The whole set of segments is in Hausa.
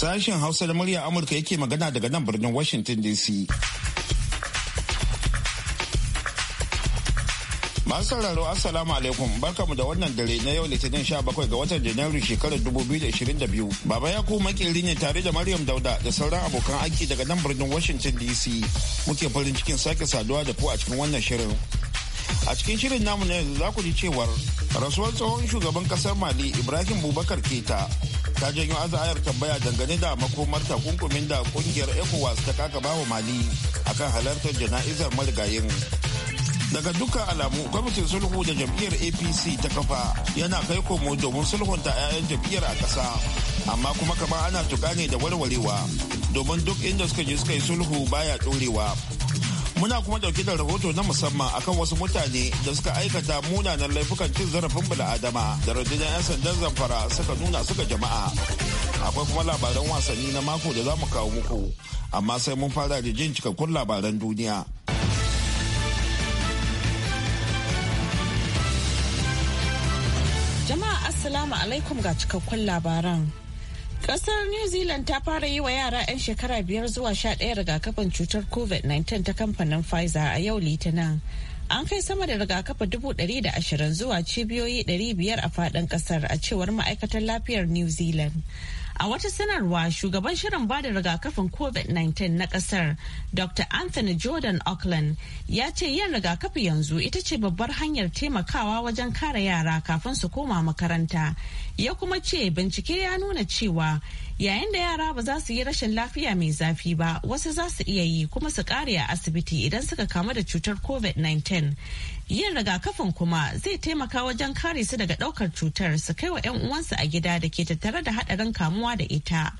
Sashen Hausa da murya Amurka yake magana daga nan birnin Washington DC. Masu sauraro Assalamu alaikum barkamu da wannan dare na yau Litinin 17 ga watan Janairu shekarar 2022. Baba ya makeri ne tare da Maryam Dauda da sauran abokan aiki daga nan birnin Washington DC. Muke farin cikin sake saduwa da ku a cikin wannan shirin. a cikin shirin namu na yanzu za ku ji cewar rasuwar tsohon shugaban kasar mali ibrahim bubakar keta ta janyo azayar tambaya dangane da makomar kunkumin da kungiyar ecowas ta kaka bawa mali akan halartar jana'izar marigayin daga dukkan alamu kwamitin sulhu da jam'iyyar apc ta kafa yana kai komo domin sulhunta 'ya'yan jam'iyyar a ƙasa amma kuma kamar ana tuka ne da warwarewa domin duk inda suka je suka yi sulhu baya ɗorewa muna kuma dauke da rahoto na musamman akan wasu mutane da suka aikata munanan laifukan cin zarafin bil'adama da rundunar 'yan sandan zamfara suka nuna suka jama'a akwai kuma labaran wasanni na mako da za mu kawo muku amma sai mun fara da jin cikakkun labaran duniya jama'a assalamu alaikum ga cikakkun labaran Kasar New Zealand ta fara yi wa yara 'yan shekara biyar zuwa sha ɗaya rigakafin cutar COVID-19 ta kamfanin Pfizer a yau Litinin. An kai sama da rigakafa dubu ɗari da ashirin zuwa cibiyoyi ɗari biyar a faɗin ƙasar a cewar ma'aikatar lafiyar New Zealand. A wata sanarwa shugaban shirin bada rigakafin COVID-19 na kasar Dr. Anthony Jordan Auckland ya ce yin rigakafi yanzu ita ce babbar hanyar taimakawa wajen kare yara kafin su koma makaranta. Ya kuma ce bincike ya nuna cewa yayin da yara ba za su yi rashin lafiya mai zafi ba wasu za su iya yi kuma su kare a asibiti idan suka kamu da cutar covid-19 yin rigakafin kuma zai taimaka wajen kare su daga daukar cutar su kai wa 'yan uwansu a gida da ke tattare da hadarin kamuwa kamuwa da ita.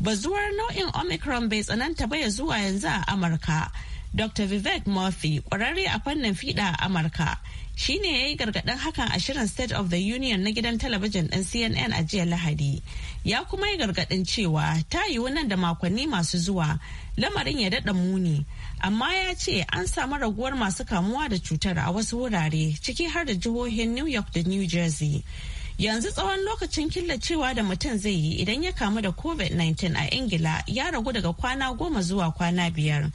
Bazuwar nau'in Omicron bai tsananta ba ya zuwa yanzu a Amurka. Dr. Vivek Murphy, kwararre a fannin fiɗa a Amurka, shi ne ya yi gargaɗin hakan a shirin State of the Union na gidan talabijin ɗin CNN a jiya Lahadi. Ya kuma yi gargaɗin cewa ta yiwu nan da makonni masu zuwa lamarin ya daɗa muni, amma ya ce an samu raguwar masu kamuwa da cutar a wasu wurare ciki har da jihohin New York da New Jersey. Yanzu tsawon lokacin killacewa da mutum zai yi idan ya kamu da COVID-19 a Ingila ya ragu daga kwana goma zuwa kwana biyar.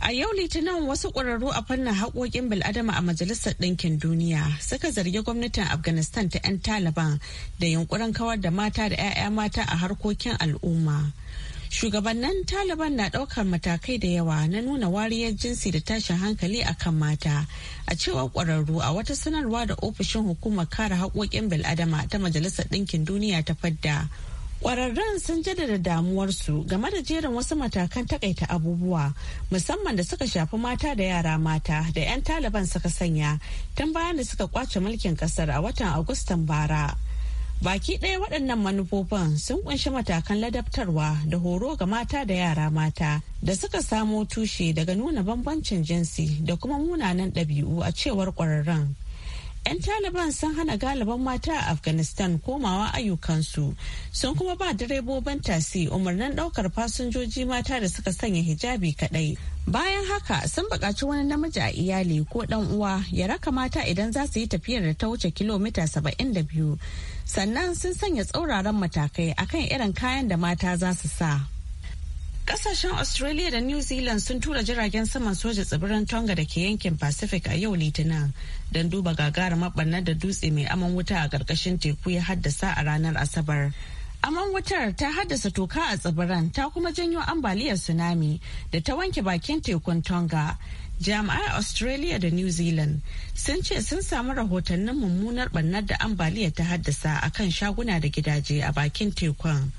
A yau Litinin wasu ƙwararru a fannin haƙoƙin bil'adama a Majalisar Ɗinkin Duniya suka zargi gwamnatin Afghanistan ta 'yan Taliban da yunkurin kawar da mata da 'ya'ya mata a harkokin al'umma. shugabannin taliban na ɗaukar matakai da yawa na nuna wariyar jinsi da tashin hankali a kan mata a cewar ƙwararru a wata sanarwa da ofishin hukumar kare haƙoƙin bil'adama ta majalisar ɗinkin duniya ta fadda Ƙwararren sun jaddada damuwarsu game da jerin wasu matakan takaita abubuwa musamman da suka shafi mata da yara mata da 'yan taliban suka sanya tun bayan da suka kwace mulkin kasar a watan Agustan bara. Baki ɗaya waɗannan manufofin sun kunshi matakan ladabtarwa da horo ga mata da yara mata da suka samo tushe daga nuna bambancin jinsi da kuma munanan ɗabi'u a cewar ƙwararren. 'yan taliban sun hana galiban mata a afghanistan komawa ayyukansu sun kuma ba direbobin tasi umarnin daukar fasinjoji mata da suka sanya hijabi kadai bayan haka sun buƙaci wani namiji a iyali ko ɗan uwa ya raka mata idan za su yi tafiyar da ta wuce kilomita 72 sannan sun sanya tsauraran matakai akan irin kayan da mata za su sa Kasashen Australia da New Zealand sun tura jiragen saman soja tsibirin Tonga da ke yankin Pacific a yau Litinin don duba gagarumar ɓannar da dutse mai aman wuta a ƙarƙashin teku ya haddasa a ranar Asabar. Aman wutar ta haddasa toka a tsibiran ta kuma janyo ambaliyar tsunami da ta wanke bakin tekun Tonga. Jami'ai Australia da New Zealand sun ce sun samu rahotannin mummunar ɓannar da ambaliyar ta haddasa a kan shaguna da gidaje a bakin tekun.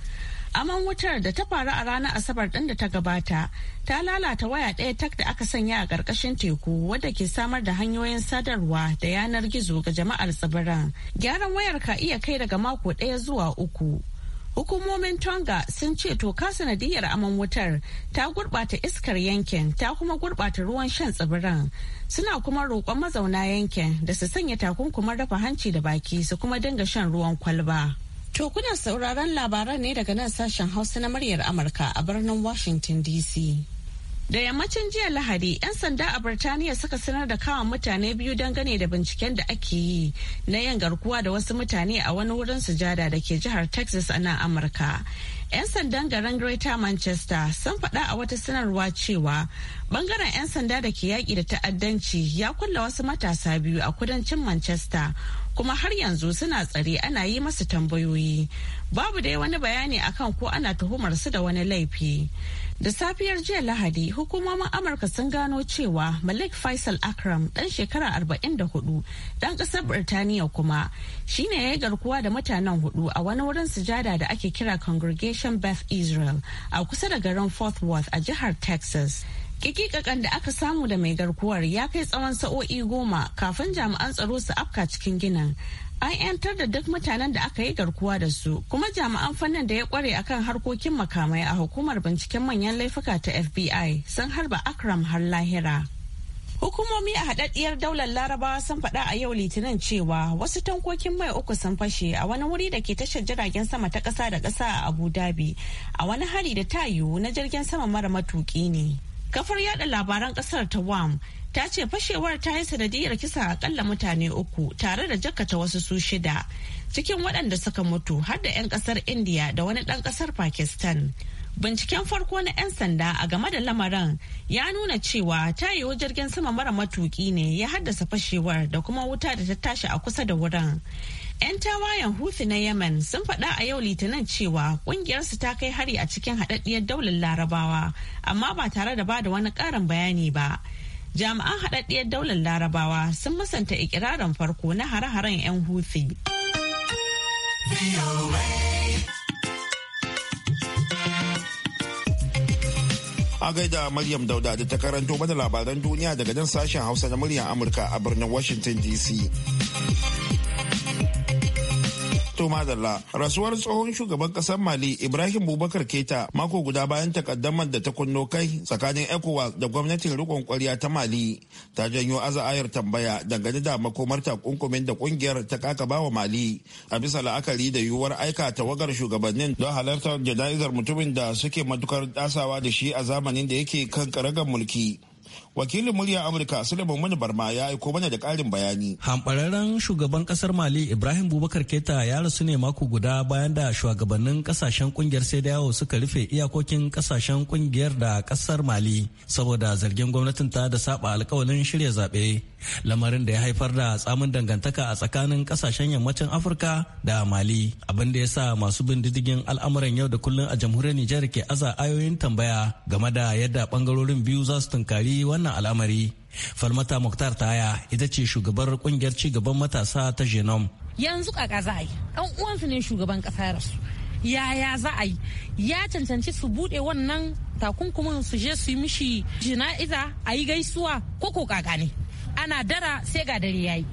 aman wutar da ta faru a ranar asabar ɗin da ta gabata ta lalata waya ɗaya tak da aka sanya a ƙarƙashin teku wadda ke samar da hanyoyin sadarwa da yanar gizo ga jama'ar tsibiran gyaran wayar ka iya kai daga mako ɗaya zuwa uku hukumomin tonga sun ce toka sanadiyar aman wutar ta gurɓata iskar yankin ta kuma gurɓata ruwan shan tsibiran suna kuma roƙon mazauna yankin da su sanya takunkumin rafa hanci da baki su kuma dinga shan ruwan kwalba. To kuna sauraron labaran ne daga nan sashen Hausa na muryar Amurka a birnin Washington DC. Da yammacin jiya Lahadi, 'yan sanda a Birtaniya suka sanar da kawan mutane biyu dangane da binciken da ake yi na yin garkuwa da wasu mutane a wani wurin sujada da ke jihar Texas a nan Amurka. 'Yan sandan garin Greater Manchester sun faɗa a wata sanarwa cewa bangaren 'yan sanda da ke yaƙi da ta'addanci ya kulla wasu matasa biyu a kudancin Manchester kuma har yanzu suna tsare ana yi masu tambayoyi babu dai wani bayani akan ko ana tuhumar su da wani laifi da safiyar jiya lahadi hukumomin amurka sun gano cewa malik faisal akram dan shekara 44 dan kasar birtaniya kuma shine ya yi garkuwa da mutanen hudu a wani wurin sujada da ake kira congregation beth israel a kusa da garin fort worth a jihar texas Kikikakan da aka samu da mai garkuwar ya kai tsawon sa'o'i goma kafin jami'an tsaro su afka cikin ginin. An 'yantar da duk mutanen da aka yi garkuwa da su, kuma jami'an fannin da ya kware akan harkokin makamai a hukumar binciken manyan laifuka ta FBI sun harba Akram har lahira. Hukumomi a haɗaɗɗiyar daular Larabawa sun faɗa a yau Litinin cewa wasu tankokin mai uku sun fashe a wani wuri da ke tashar jiragen sama ta ƙasa da ƙasa a Abu Dhabi a wani hari da ta yiwu na jirgin sama mara matuƙi ne. Kafar yada labaran kasar ta WAM ta ce fashewar ta yi sanadiyar kisa akalla mutane uku tare da jakata wasu su shida cikin waɗanda suka mutu har da 'yan kasar India da wani ɗan ƙasar Pakistan. Binciken farko na 'yan sanda a game da lamarin ya nuna cewa ta yiwu jirgin sama mara matuki ne ya haddasa fashewar da kuma wuta da ta tashi a kusa da wurin. 'Yan tawayen Houthi na Yemen sun faɗa a yau Litinin cewa ƙungiyarsu ta kai hari a cikin haɗaɗɗiyar daular Larabawa, amma ba tare da bada wani ƙarin bayani ba. Jami'an haɗaɗɗiyar daular Larabawa sun musanta ikirarin farko na hare-haren 'yan Houthi. A gaida Maryam Dauda da ta karanto mana labaran duniya daga nan sashen Hausa na muryar Amurka a birnin Washington DC. Fatou madalla, rasuwar tsohon shugaban kasar Mali Ibrahim Bubakar Keta mako guda bayan takaddamar da ta kunno kai tsakanin ECOWAS da gwamnatin rikon kwarya ta Mali ta janyo aza'ayar tambaya dangane da makomar takunkumin da ƙungiyar ta kakaba wa Mali a bisa la'akari da yiwuwar aika tawagar shugabannin don halartar jana'izar mutumin da suke matukar dasawa da shi a zamanin da yake kan karagar mulki. wakilin murya amurka suleiman mani barma ya aiko mana da karin bayani hamɓararren shugaban kasar mali ibrahim bubakar keta ya rasu ne mako guda bayan da shugabannin kasashen kungiyar sai da yawo suka rufe iyakokin kasashen kungiyar da kasar mali saboda zargin gwamnatin ta da saba alkawalin shirya zaɓe lamarin da ya haifar da tsamin dangantaka a tsakanin kasashen yammacin afirka da mali abin da ya sa masu bin diddigin al'amuran yau da kullum a jamhuriyar nijar ke aza ayoyin tambaya game da yadda bangarorin biyu za su tunkari wannan al'amari falmata muktar taya ita ce shugabar kungiyar cigaban matasa ta genome yanzu kaka za a yi dan uwansu ne shugaban kasa ya rasu yaya za a yi ya cancanci su bude wannan takunkumin su je su yi mishi jina'iza a yi gaisuwa ko ko kaka ne ana dara sai ga dare yayi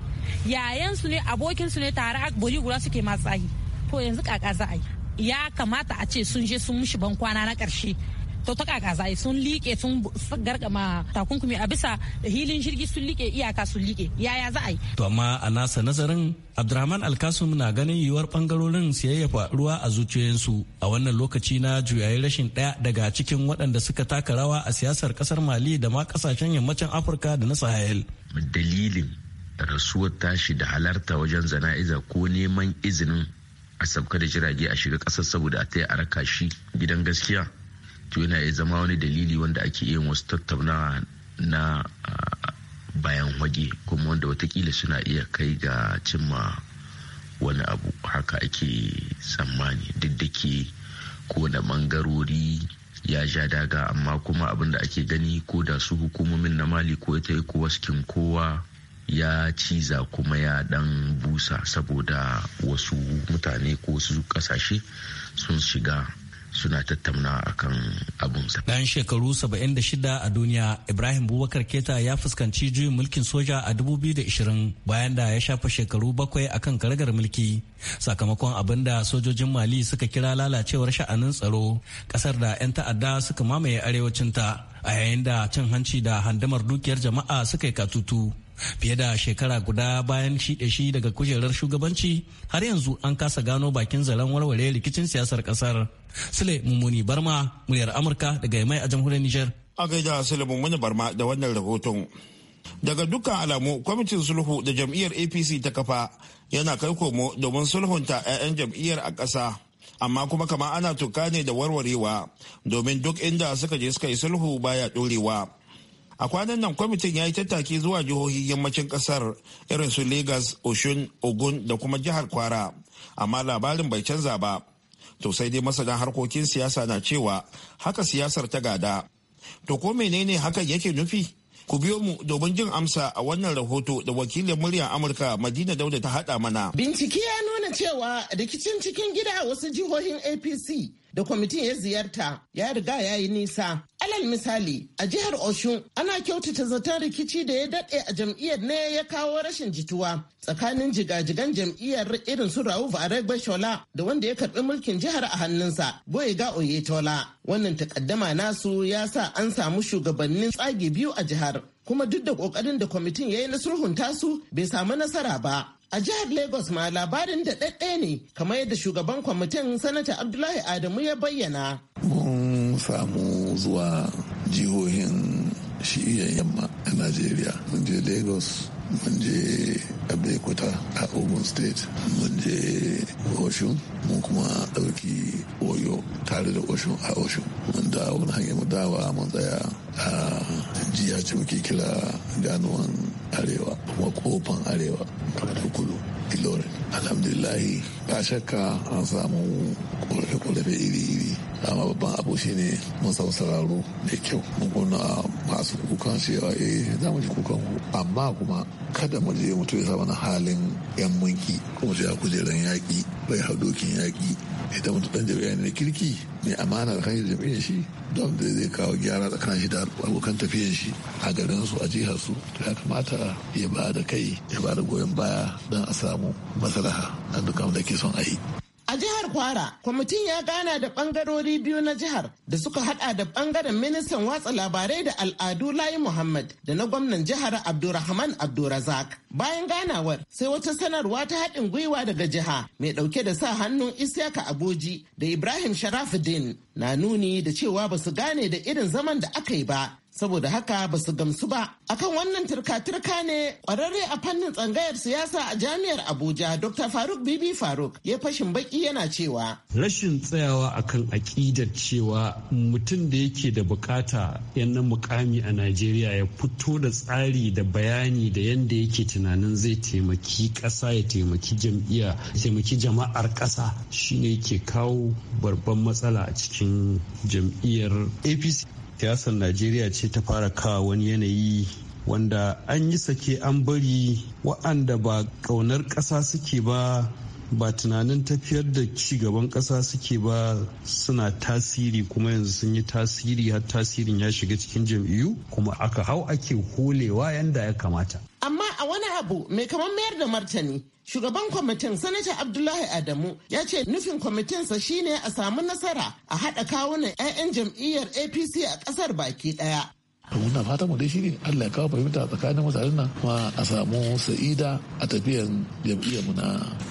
yayansu ne abokinsu ne tare a bori guda suke matsayi to yanzu kaka za a yi ya kamata a ce sun je sun mishi ban kwana na karshe to ta kakaza sun liƙe sun gargama takunkumi a bisa hilin jirgi sun liƙe iyaka sun liƙe yaya za a yi. To amma a nasa nazarin Abdurrahman Alkasum na ganin yiwuwar bangarorin su yayyafa ruwa a zuciyoyinsu a wannan lokaci na juyayi rashin ɗaya daga cikin waɗanda suka taka rawa a siyasar ƙasar Mali da ma ƙasashen yammacin Afirka da na Sahel. Dalilin rasuwar tashi da halarta wajen zana'iza ko neman izinin a sauka da jirage a shiga ƙasar saboda a taya a raka shi gidan gaskiya to yana iya zama wani dalili wanda ake yin wasu tattaunawa na bayan wage kuma wanda watakila suna iya kai ga cimma wani abu haka ake tsammani duk da ke kowane mangarori ya ja daga amma kuma abin da ake gani ko da su hukumomin na mali ko ita waskin kowa ya ciza kuma ya dan busa saboda wasu mutane ko su kasashe sun shiga suna tattauna akan abun sa. Bayan shekaru 76 a duniya, Ibrahim Bubakar Keta ya fuskanci juyin mulkin soja a 2020 bayan da ya shafa shekaru bakwai akan karagar mulki. Sakamakon abin da sojojin Mali suka kira lalacewar sha'anin tsaro, ƙasar da 'yan ta'adda suka mamaye arewacinta, a yayin da cin hanci da handamar dukiyar jama'a suka yi katutu. fiye da shekara guda bayan da shi daga kujerar shugabanci har yanzu an kasa gano bakin zaren warware rikicin siyasar kasar sule mummuni barma muryar amurka daga yamai a jamhuriyar niger a gaida sule mummuni barma da wannan rahoton daga dukkan alamu kwamitin sulhu da jam'iyyar apc ta kafa yana kai komo domin sulhunta 'ya'yan jam'iyyar a ƙasa amma kuma kama ana tuka ne da warwarewa domin duk inda suka je suka yi sulhu baya ɗorewa a kwanan nan kwamitin ya yi tattaki zuwa jihohi yammacin kasar irin su lagos oshun ogun da kuma jihar kwara amma labarin bai canza ba to sai dai masana harkokin siyasa na cewa haka siyasar ta gada to ko menene hakan yake nufi ku biyo mu domin jin amsa a wannan rahoto da wakilin muryar amurka madina dauda ta hada mana bincike ya nuna cewa rikicin cikin gida a wasu jihohin apc da kwamitin ya ziyarta ya riga ya yi nisa. Alal misali, a jihar Oshun ana kyautata zaton rikici da ya daɗe a jam'iyyar ne ya kawo rashin jituwa tsakanin jigajigan jam'iyyar irin su Rauf Aregbe-Shola da wanda ya karɓi mulkin jihar a hannunsa, Boyega Oyetola. Wannan takaddama nasu ya sa an samu shugabannin tsage biyu a jihar. kuma duk da kokarin da kwamitin ya yi na sulhunta su bai samu nasara ba A jihar Lagos ma labarin da ɗaɗɗe ne kamar yadda shugaban kwamitin sanata Abdullahi Adamu ya bayyana. Mun samu zuwa jihohin shiyan yamma a Najeriya. Mun je Lagos, mun je Abeokuta a Ogun State, mun je Oshun, mun kuma ɗauki Oyo tare da Oshun a Oshun. Mun dawo na hanyar mu dawa mun tsaya a jiya ce muke kira ganuwan arewa kuma kofan arewa ta kudu ilorin alhamdulillahi ba shakka an samu korafe da iri-iri amma babban abu ne mun samu sauraro da kyau mun kuna masu kukan cewa eh za mu ji kukan ku amma kuma kada mu je mutu ya sa wani halin yan mulki ko mu a kujeran yaƙi bai hau dokin yaƙi ita mutum ɗan jam'iyya ne kirki mai amana da kanyar jam'iyyar shi don da zai kawo gyara da kan shi da abokan tafiyar shi a garin su a jihar su to ya kamata ya ba da kai ya ba da goyon baya don a samu maslaha a dukkan da ke son a yi A jihar Kwara, kwamitin ya gana da bangarori biyu na jihar da suka hada da bangaren ministan watsa labarai da al'adu Layi Muhammad da na gwamnan jihar Abdurrahman Abdurrazak. Bayan ganawar, sai wata sanarwa ta haɗin gwiwa daga jiha mai ɗauke da sa hannun Isyaka Aboji da Ibrahim Sharafuddin na nuni da cewa ba su gane da irin zaman da aka yi ba saboda haka ba su gamsu ba akan wannan turka-turka ne kwararre a fannin tsangayar siyasa a jami'ar abuja dr faruk bibi faruk ya fashin baki yana cewa rashin tsayawa akan aƙidar cewa mutum da yake da bukata yannan mukami a najeriya ya fito da tsari da bayani da yadda yake tunanin zai taimaki ƙasa ya taimaki jam'iyya taimaki jama'ar ƙasa shine yake kawo babban matsala a cikin jam'iyyar apc siyasar najeriya ce ta fara kawo wani yanayi wanda an yi sake an bari wa'anda ba ƙaunar ƙasa suke ba ba tunanin tafiyar da cigaban ƙasa suke ba suna tasiri kuma yanzu sun yi tasiri har tasirin ya shiga cikin jam'iyyu kuma aka hau ake holewa yanda ya kamata amma abu mai kamar mayar da martani shugaban kwamitin sanata abdullahi adamu ya ce nufin kwamitinsa shine a samu nasara a haɗa kawunan 'ya'yan jam'iyyar apc a ƙasar baki ɗaya to muna fata mu dai shine Allah ya kawo fahimta tsakanin mutanen nan kuma a samu sa'ida a tafiyan jam'iyyar mu na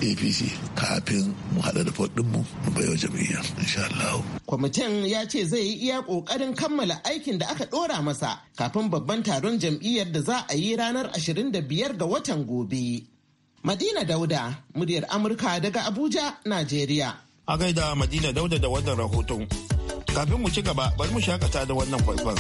APC kafin mu haɗa da faɗin mu mu bayo jam'iyyar insha Allah kwamitin ya ce zai yi iya kokarin kammala aikin da aka ɗora masa kafin babban taron jam'iyyar da za a yi ranar 25 ga watan gobe Madina Dauda, muryar Amurka daga Abuja, Najeriya. A gaida Madina Dauda da wannan rahoton. Kafin mu ci gaba, bari mu shakata da wannan faifan.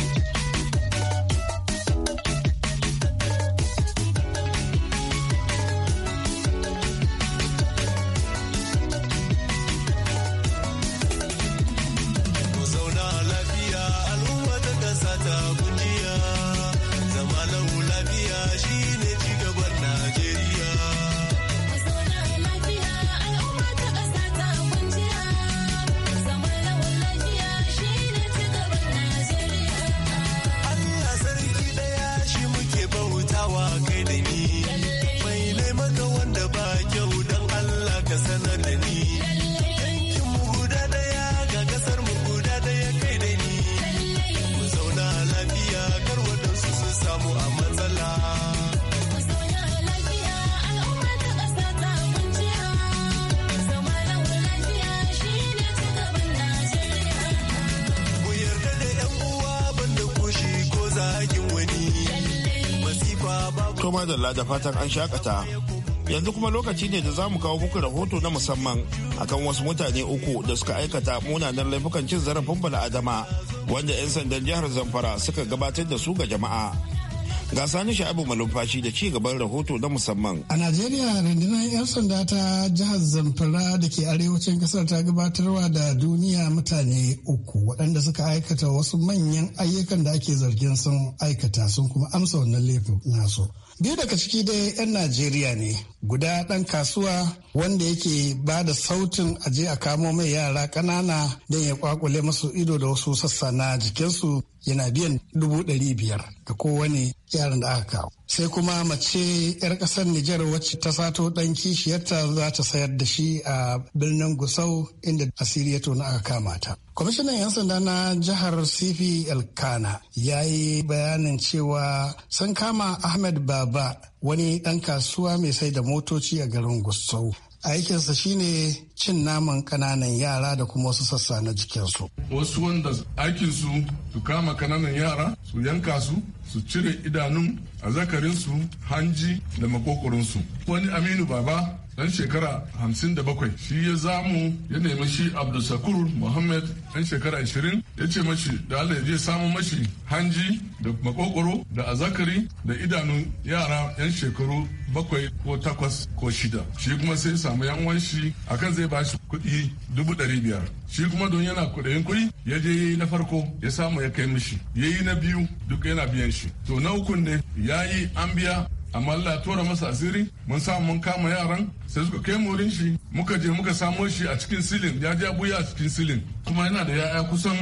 zagin wani masifa da fatan an shakata. Yanzu kuma lokaci ne da za mu kawo muku rahoto na musamman akan wasu mutane uku da suka aikata munanan laifukan cin zarafin bala'adama wanda 'yan sandan jihar Zamfara suka gabatar da su ga jama'a. ga sani sha'abu malumfashi da ci gaban rahoto na musamman. A Najeriya rundunar 'yan sanda ta jihar Zamfara da ke arewacin kasar ta gabatarwa da duniya mutane uku waɗanda suka aikata wasu manyan ayyukan da ake zargin sun aikata sun kuma amsa wannan laifin nasu. Biyu daga ciki dai 'yan Najeriya ne guda ɗan kasuwa wanda yake ba da sautin aje a kamo mai yara ƙanana don ya kwakule masu ido da wasu sassa na jikinsu yana biyan dubu ɗari biyar. ga kowane yaran da aka kawo sai kuma mace 'yar kasar Nijar wacce ta sato ɗan kishiyarta za ta sayar da shi a birnin Gusau inda asiri ya tona aka kama ta. Kwamishinan 'yan sanda na jihar Sifi Elkana ya yi bayanin cewa sun kama Ahmed Baba wani ɗan kasuwa mai sai da motoci a garin Gusau. aikinsa shine cin naman kananan yara da kuma wasu sassa na jikinsu. Wasu wanda aikinsu su kama kananan yara su yanka su su cire idanun a zakarinsu hanji da makokorinsu wani aminu baba dan shekara 57 shi ya zamu ya nemi shi abdulsakur Mohammed dan shekara 20 ya ce mashi da allah zai samu mashi hanji da makokoro da azakari da idanu yara yan shekaru bakwai ko takwas ko shida shi kuma sai samu yan shi kan zai ba shi kuɗi dubu ɗari biyar shi kuma don yana kuɗayin kuɗi ya je yi na farko ya samu ya kai mishi yi na biyu duk yana biyan shi to na ukun ne yi an biya amma Allah ya tura masa asiri mun samu mun kama yaran sai suka kai murin shi muka je muka samo shi a cikin silin ya ja buya a cikin silin kuma yana da ya'ya kusan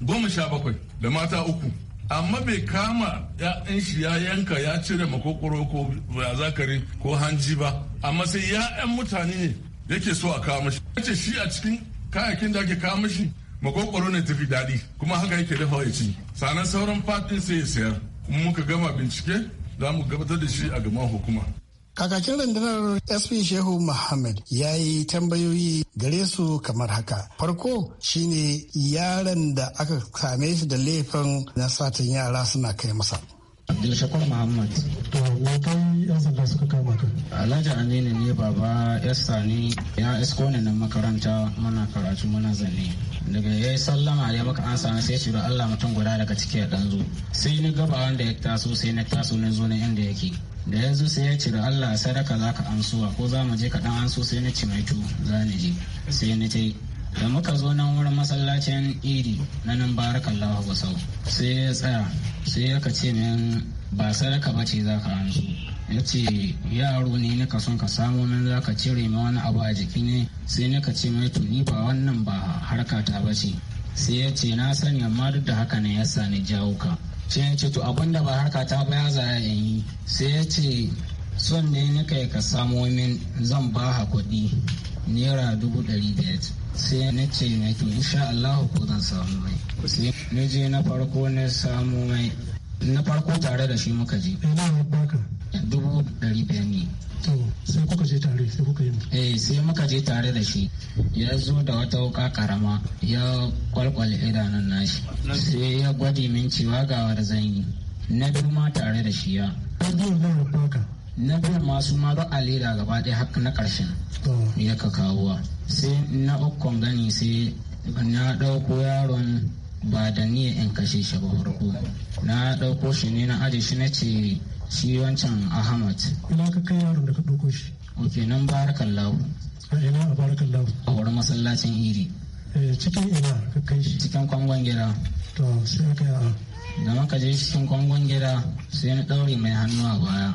goma sha bakwai da mata uku amma bai kama ya'yan shi ya yanka ya cire makokoro ko zakari ko hanji ba amma sai ya'yan mutane ne yake so a kawo mashi ce shi a cikin kayakin da ake kawo mashi makokoro ne tafi daɗi kuma haka yake dafa ya ci sanan sauran fatin sai ya sayar muka gama bincike za mu gabatar da shi a gaban hukuma Kakakin rundunar SP Shehu Muhammad ya yi tambayoyi gare su kamar haka. Farko shine yaran da aka same shi da laifin na satin yara suna kai masa. Abdulshakur Muhammad. To ya kai yan sanda suka kama ka. Alhaji Aminu ne baba Yassa ne ya isko ne nan makaranta muna karatu muna zane. Daga ya yi sallama ya maka an na sai shiru Allah mutum guda daga ciki ya ɗanzu. Sai ni gaba wanda ya taso sai na taso na zo na inda yake. da ya zo sai ya cire Allah sadaka za ka ansuwa ko za mu je ka ɗan ansu sai na ci mai tu za ni je sai na ce da muka zo nan wurin masallacin idi na nan barakan lahu sau sai ya tsaya sai ya ce min ba sadaka ba ce za ka hanzu ya ce yaro ne na son ka samu nan za ka cire ma wani abu a jiki ne sai na ka ce mai to ni ba wannan ba harka ta ba ce sai ya ce na sani amma duk da haka ne ya sa ni jawo ka sai ya ce to abin da ba harka ta ba ya za in yi sai ya ce son ne nika kai ka samo min zan ba ha kuɗi naira dubu ɗari biyar sai na ce mai to insha Allah ko zan samu mai sai na je na farko na samu mai na farko tare da shi muka je eh, baka? dubu dari biyar ne to sai kuka je tare sai kuka yi eh sai muka je tare da shi ya zo da wata wuka karama ya kwalkwale idanun nashi sai ya gwadi min cewa ga zan yi na biyu ma tare da shi ya na biyan masu ma ba a leda gaba ɗaya haka na ƙarshen ya ka kawuwa sai na ukun gani sai na ɗauko yaron ba da niyya in kashe shi ba farko na ɗauko shi ne na aje shi na ce shi wancan ahmad ina ka kai yaron da ka ɗauko shi ok nan barakan lawo a ina a barakan lawo a wurin masallacin iri eh, cikin ina ka kai shi cikin kwangon gida to sai ka yi da muka je cikin kwangon gida sai na ɗaure mai hannu a baya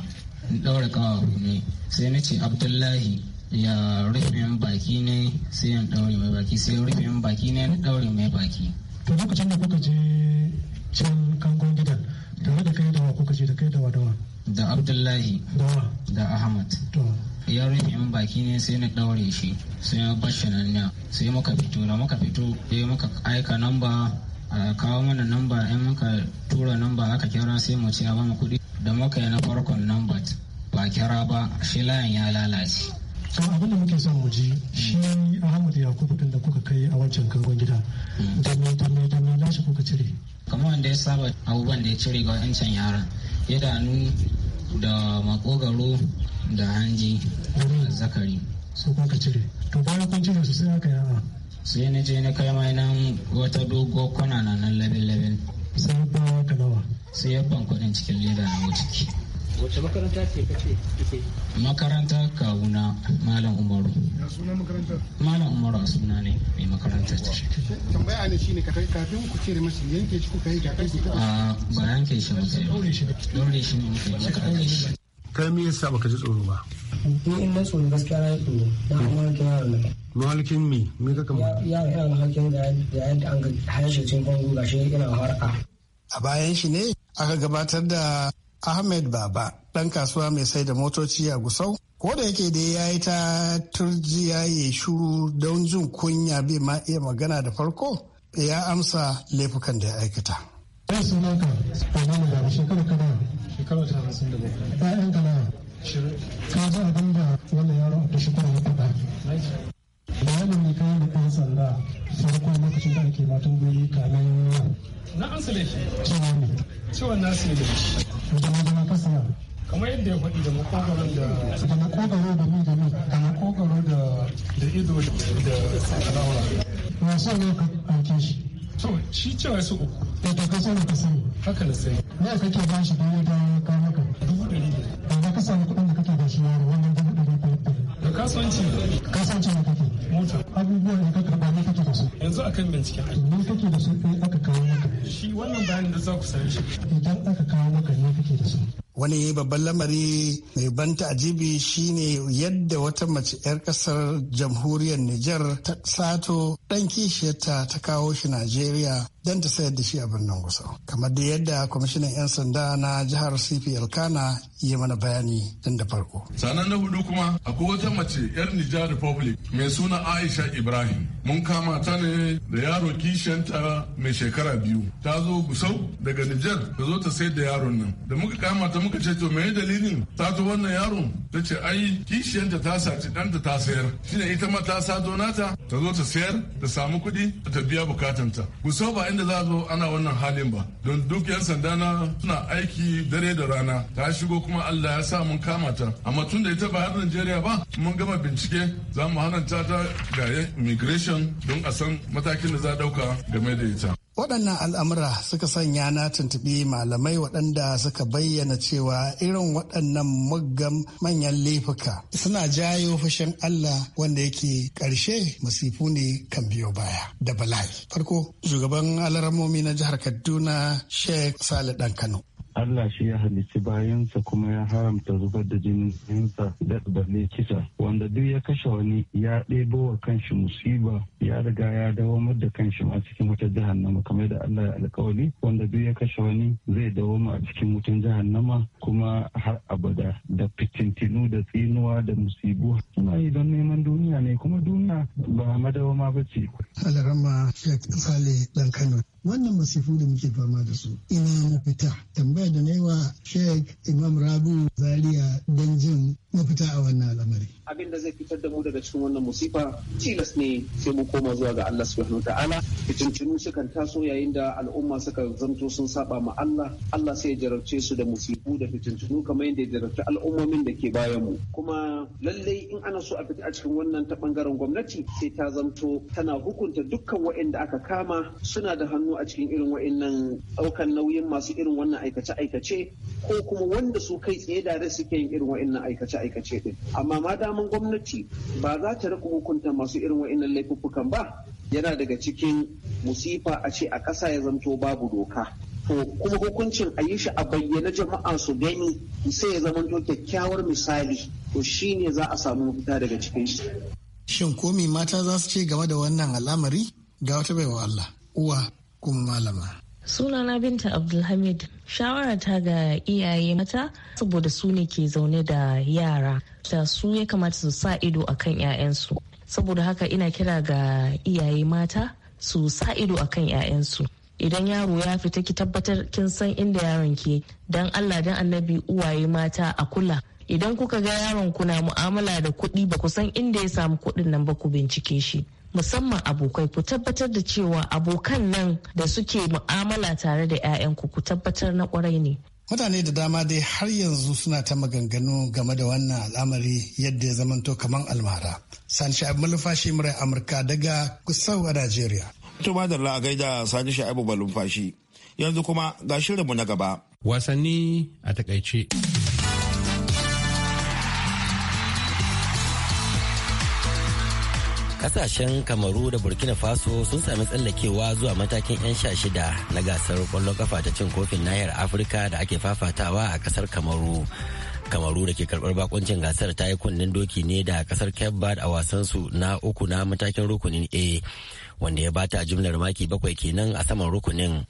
ɗaura ƙawafu ne sai na ce abdullahi ya rufe baki ne sai yin ɗaure mai baki sai rufe baki ne na ɗaure mai baki to lokacin da kuka je can kangon gidan tare da kai dawa kuka je da kai dawa dawa da abdullahi dawa da ahmad to ya rufe yin baki ne sai na ɗaure shi sai ya bashi nan ne sai muka fito da muka fito sai eh, muka aika namba a kawo mana namba in muka tura namba aka kira sai mu ce a bamu kuɗi da muka yi na farkon nan ba kira ba shi layan ya lalace kan abin da muke son mu ji shi ahmad yakubu din da kuka kai a wancan kangon gida hmm. da me da me da me kuka cire kamar wanda ya saba abubuwan da ya cire ga wancan yaran idanu da makogaro da hanji da hmm. zakari su kuka cire to bayan kun cire su sai aka yawa sai na je na kai mai nan wata dogo kwana na nan labin labin sai ya ka nawa sai ya ban cikin leda na wuce wace makaranta ce kace kike makaranta kawuna malam umaru ya suna makarantar malam umaru a suna ne mai makarantar ta shi tambaya ne shine ka kai kafin ku cire mashi yanke shi kuka yi ka kai a ah, ba yanke shi muka yi dole shi dole shi ne muka yi ka kai shi kai me yasa baka ji tsoro ba ni in na tsoro gaskiya na yi tsoro na amma da yaro na mahalkin me me ka kama ya ya mahalkin ga yadda an ga harshe cin kongo gashi yana harka a bayan shi ne aka gabatar da ahmed baba dan kasuwa mai sai da motoci a gusau ko da yake dai ya yi ta turjiya ya shuru don jin kunya bai ma iya magana da farko ya amsa laifukan da ya aikata. Ya suna ka tsammanin da shekara kana shekara ta hamsin da bakwai. Ya'yan kana ka ji abin da wannan yaro da shekara ya faɗa. malami kawai da ɗan sanda farko lokacin da ake matan goyi kamen na an sule shi cewa ne cewa na sule shi da ma zama kasa kamar yadda ya faɗi da makogaro da da makogaro da mu da mu da makogaro da da ido da alawa wasu ne ka ɗauke shi to shi cewa su uku da ta kasa da kasa haka na sai ne kake ba shi da ya dawo ka maka dubu ɗari da ka samu kuɗin da kake da shi yaro wannan dubu ɗari da kasuwanci kasuwanci ne kake mota abubuwan da ka karba ne kake da su yanzu akan binciken ne kake da su in aka kawo maka shi wannan bayanin da za ku sani shi idan aka kawo maka ne kake da su wani babban lamari mai ban ta'ajibi shine yadda wata mace 'yar kasar jamhuriyar Nijar ta sato ɗan kishiyarta ta kawo shi Najeriya don ta sayar da shi a birnin gusa kamar da yadda kwamishinan 'yan sanda na jihar cpl kana ya mana bayani tun da farko sannan na hudu kuma akwai wata mace 'yar nijar republic mai suna aisha ibrahim mun kama ta ne da yaro kishiyanta mai shekara biyu ta zo gusau daga nijar ta zo ta sayar da yaron nan da muka kama ta muka ce to me dalilin ta ta wannan yaron ta ce ai kishiyanta ta saci ɗanta ta sayar shine ita ma ta sa nata ta zo ta sayar ta samu kuɗi ta biya bukatanta gusau ba yanda za zo ana wannan halin ba don duk yan sanda na suna aiki dare da rana ta shigo kuma Allah ya sa mun kama ta amma tun da ita ba har Najeriya ba mun gama bincike za mu hananta ta ga immigration don a san matakin da za a dauka game da ita waɗannan al'amura suka sanya na tuntuɓi malamai waɗanda suka bayyana cewa irin waɗannan muggan manyan laifuka suna jayo fushin Allah wanda yake ƙarshe masifu ne kan biyo baya da bala'i. Farko shugaban alaramomi na jihar Kaduna Sheikh Sale ɗan Kano. Allah shi ya halicci bayansa kuma ya haramta zubar da jinin sa da balle kisa wanda duk ya kashe wani ya ɗebo wa kanshi musiba ya riga ya dawamar da kanshi a cikin wutar jahannama kamar da Allah ya alkawari wanda duk ya kashe wani zai dawo a cikin wutar jahannama kuma har abada da fitintinu da tsinuwa da musibu suna yi don neman duniya ne kuma duniya ba madawama ba ce. Alarama Sheikh Sale Dan Kano wannan musifu da muke fama da su ina mafita tambaya tambaya da na yi wa Sheikh Imam Rabu Zaria don jin mafita a wannan al'amari. Abin da zai fitar da mu daga cikin wannan musifa tilas ne sai mu koma zuwa ga Allah subhanahu ta'ala fitintunu sukan taso yayin da al'umma suka zanto sun saba ma Allah Allah sai ya jarabce su da musifu da fitintunu kamar yadda ya jarabce al'ummomin da ke bayan mu kuma lallai in ana so a fita a cikin wannan ta bangaren gwamnati sai ta zanto tana hukunta dukkan waɗanda aka kama suna da hannu a cikin irin waɗannan ɗaukan nauyin masu irin wannan aikace-aikace ko kuma wanda su kai tsaye da suke yin irin waɗannan aikace ma'aikace din amma madaman gwamnati ba za ta rika hukunta masu irin wainnan laifukan ba yana daga cikin musifa a ce a ƙasa ya zamto babu doka to kuma hukuncin a yi shi a bayyana jama'a su gani sai ya zamanto kyakkyawar misali to shine za a samu mafita daga cikin shi shin ko mata za su ce game da wannan al'amari ga wata baiwa Allah uwa kuma malama sunana binta abdulhamid shawara ta ga iyaye mata saboda su ne ke zaune da yara ta su ya kamata su sa ido a akan 'ya'yansu saboda haka ina kira ga iyaye mata su sa ido a akan 'ya'yansu idan yaro ya fita ki tabbatar kin san inda yaron ke dan allah dan annabi uwaye mata a kula idan kuka ga yaron ku na mu'amala da kuɗi ba ku san inda ya samu kuɗin nan ba ku bincike shi musamman abokai ku tabbatar da cewa abokan nan da suke mu'amala tare da 'ya'yanku ku tabbatar na kwarai ne mutane da dama dai har yanzu suna ta maganganu game da wannan al'amari yadda ya zamanto kamar almara sani sha'ib malumfashi murai amurka daga kusau a najeriya to ba da la'agai da sani sha'ib malumfashi yanzu kuma ga shirinmu na gaba wasanni a takaice kasashen kamaru da burkina faso sun sami tsallakewa zuwa matakin 'yan sha shida na gasar kwallon kafa ta cin kofin nahiyar afirka da ake fafatawa a kasar kamaru kamaru da ke karbar bakuncin gasar ta yi kunnen doki ne da kasar cape verde a wasansu na uku na matakin rukunin a wanda ya bata jumlar maki bakwai kenan a saman rukunin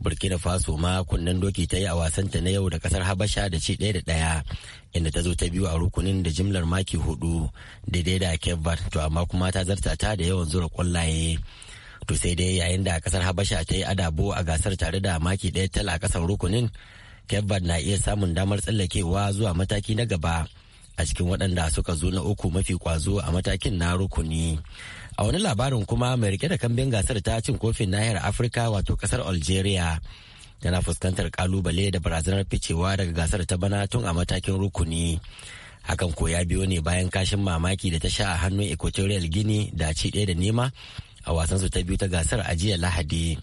burkina faso ma kunnen doki ta yi a wasanta na yau da kasar habasha da ci ɗaya da ɗaya inda ta zo ta biyu a rukunin da jimlar maki hudu daidai da kebbar to amma kuma ta zarta ta da yawan zura kwallaye to sai dai yayin da kasar habasha ta yi adabo a gasar tare da maki ɗaya tala a kasar rukunin kebbar na iya samun damar tsallakewa zuwa mataki na gaba a cikin waɗanda suka zo na uku mafi kwazo a matakin na rukuni a wani labarin kuma mai rike da kambin gasar ta cin kofin nahiyar afirka wato kasar algeria tana fuskantar kalubale da barazanar ficewa daga gasar ta bana tun a matakin rukuni hakan ko ya biyo ne bayan kashin mamaki da ta sha a hannun equatorial guinea da ci ɗaya da nema a wasansu ta biyu ta gasar a jiya lahadi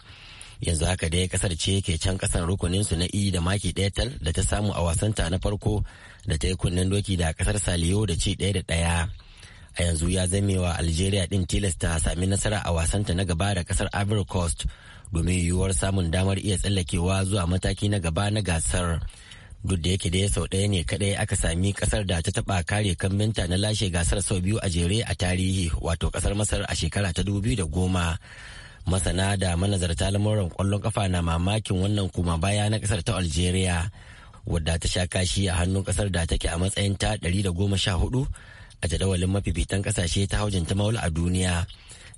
yanzu haka dai kasar ce ke can kasar rukunin su na E da maki ɗaya tal da ta samu a wasanta na farko da ta yi kunnen doki da kasar Saliyo da ci ɗaya da ɗaya. a yanzu ya zame wa algeria din tilasta sami nasara a wasanta na gaba da kasar ivory coast domin yiwuwar samun damar iya tsallakewa zuwa mataki na gaba na gasar duk da yake dai sau ɗaya ne kadai aka sami kasar da ta taba kare kambinta na lashe gasar sau biyu a jere a tarihi wato kasar masar a shekara ta dubu da goma masana da manazarta lamuran kwallon kafa na mamakin wannan kuma baya na kasar ta algeria wadda ta sha kashi a hannun ƙasar da take a matsayin ta ɗari da goma sha hudu a jadawalin mafifitan kasashe ta haujin ta maula a duniya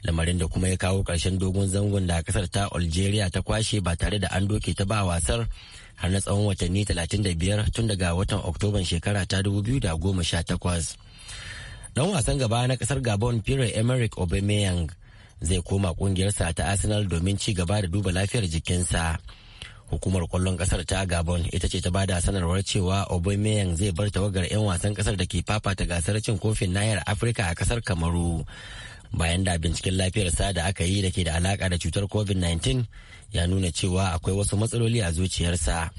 lamarin da kuma ya kawo ƙarshen dogon zangon da kasar ta algeria ta kwashe ba tare da an doke ta ba wasar har na tsawon watanni 35 tun daga watan oktoban shekara ta 2018 dan wasan gaba na kasar gabon pierre emerick aubameyang zai koma kungiyarsa ta arsenal domin ci gaba da duba lafiyar jikinsa. hukumar kwallon kasar ta gabon ita ce ta bada sanarwar cewa obameyan zai bar tawagar 'yan wasan kasar da ke fafata gasar cin kofin nahiyar afirka a kasar kamaru bayan da binciken lafiyar sa da aka yi da ke da alaka da cutar covid-19 ya nuna cewa akwai wasu matsaloli a zuciyarsa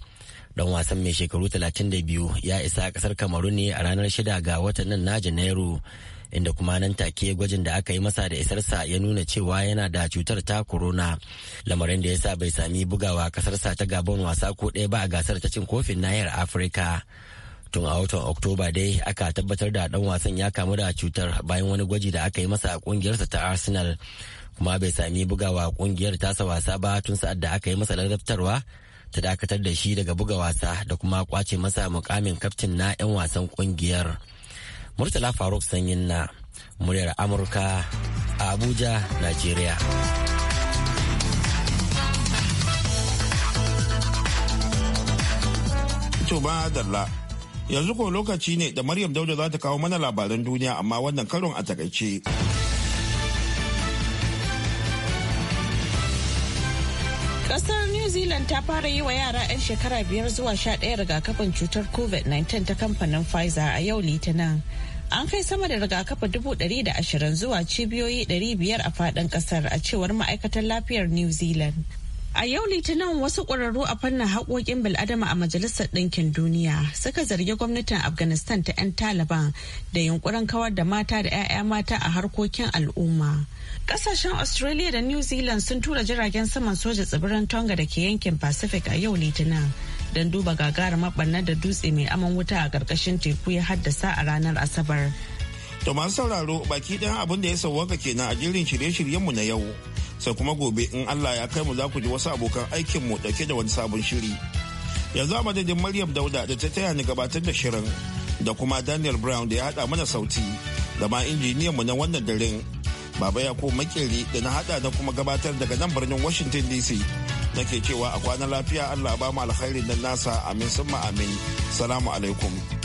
dan wasan mai shekaru 32 ya isa kasar kamaru ne a ranar 6 ga watan nan na janairu inda kuma nan take gwajin da aka yi masa da isarsa ya nuna cewa yana da cutar ta corona lamarin da ya sa bai sami bugawa kasarsa ta gabon wasa ko ɗaya ba a gasar ta cin kofin nahiyar afirka tun a watan oktoba dai aka tabbatar da dan wasan ya kamu da cutar bayan wani gwaji da aka yi masa a kungiyarsa ta arsenal kuma bai sami bugawa kungiyar tasa wasa ba tun sa'ad da aka yi masa ladabtarwa ta dakatar da shi daga buga wasa da kuma kwace masa mukamin kaftin na 'yan wasan kungiyar. Murtala Faruk Sanyin na muryar Amurka a Abuja, Najeriya. Tuba Dalla yanzu ko lokaci ne da Maryam Dauda za ta kawo mana labaran duniya amma wannan karon a takaice. Kasar New Zealand ta fara yi wa yara 'yan shekara biyar zuwa sha ɗaya rigakafin cutar COVID-19 ta kamfanin Pfizer a yau Litinin. an kai sama da rigakafa dubu ɗari da ashirin zuwa cibiyoyi ɗari biyar a faɗin ƙasar a cewar ma'aikatar lafiyar new zealand a yau litinin wasu ƙwararru a fannin haƙoƙin bil'adama a majalisar ɗinkin duniya suka zargi gwamnatin afghanistan ta 'yan taliban da yunkurin kawar da mata da 'ya'ya mata a harkokin al'umma ƙasashen australia da new zealand sun tura jiragen saman soja tsibirin tonga da ke yankin pacific a yau litinin don duba gagarumar ɓannar da dutse mai aman wuta a ƙarƙashin teku ya haddasa a ranar asabar. To masu sauraro baki ɗan abin da ya sauwaka kenan a jirin shirye-shiryenmu na yau. Sai kuma gobe in Allah ya kai mu za ku ji wasu abokan aikinmu ɗauke da wani sabon shiri. Yanzu a madadin Maryam Dauda da ta taya ni gabatar da shirin da kuma Daniel Brown da ya haɗa mana sauti da ma injiniyanmu na wannan daren. Baba Yakubu Makeri da na haɗa da kuma gabatar daga nan birnin Washington DC. nake cewa a kwanan lafiya allah ba mu alkhairin nan nasa amin summa amin salamu alaikum